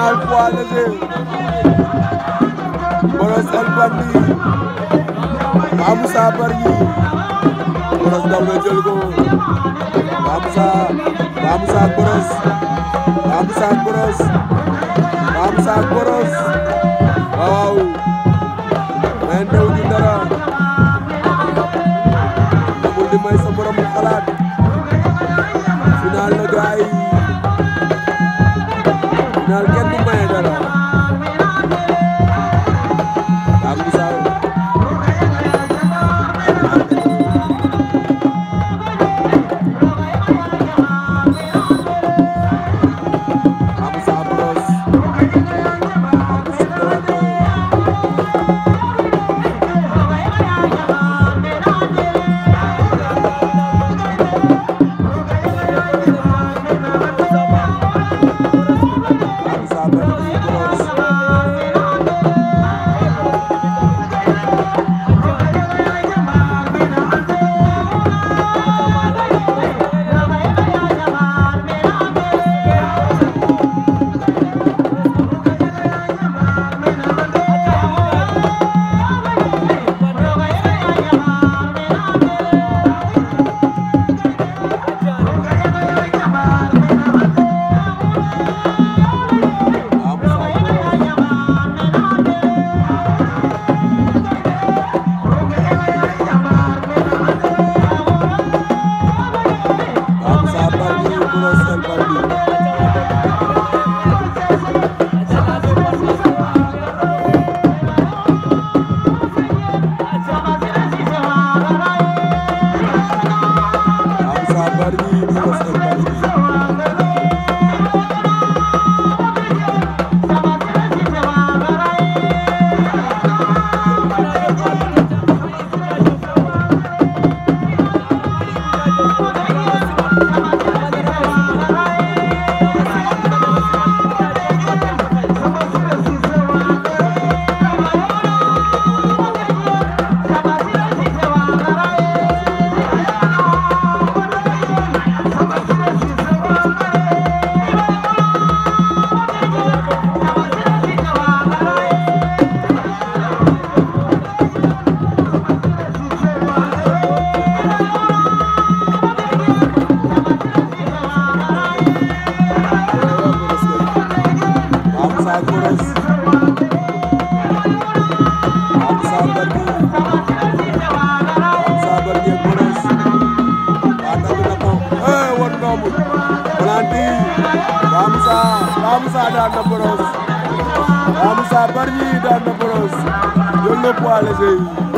final poids léger Bross El Bandit Mame Moussa Bargny Bross daw na jël ko Mame Moussa Mame Moussa ak Bross Mame Moussa ak Bross Mame Moussa ak Bross waaw mais néew ñu dara amul di may sa borom xalaat final la gaay final kenn 哎。Mike Perez Hamza Bardi Hamza Bardi Perez Tata bi na ko eh won nga mu Planty Hamza Hamza daan na Perez Hamza Bardi daan na Perez yónne poids léger yi